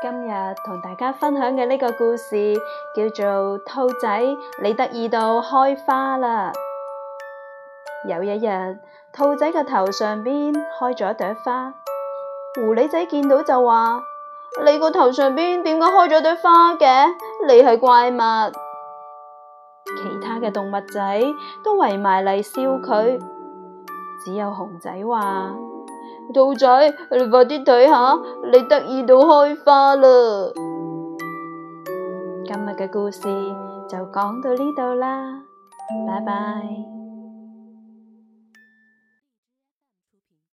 今日同大家分享嘅呢個故事叫做《兔仔，你得意到開花啦》。有一日，兔仔嘅頭上邊開咗一朵花，狐狸仔見到就話：你個頭上邊點解開咗朵花嘅？你係怪物。其他嘅動物仔都圍埋嚟笑佢，只有熊仔話。兔仔，你快啲睇下，你得意到開花啦！今日嘅故事就講到呢度啦，拜拜。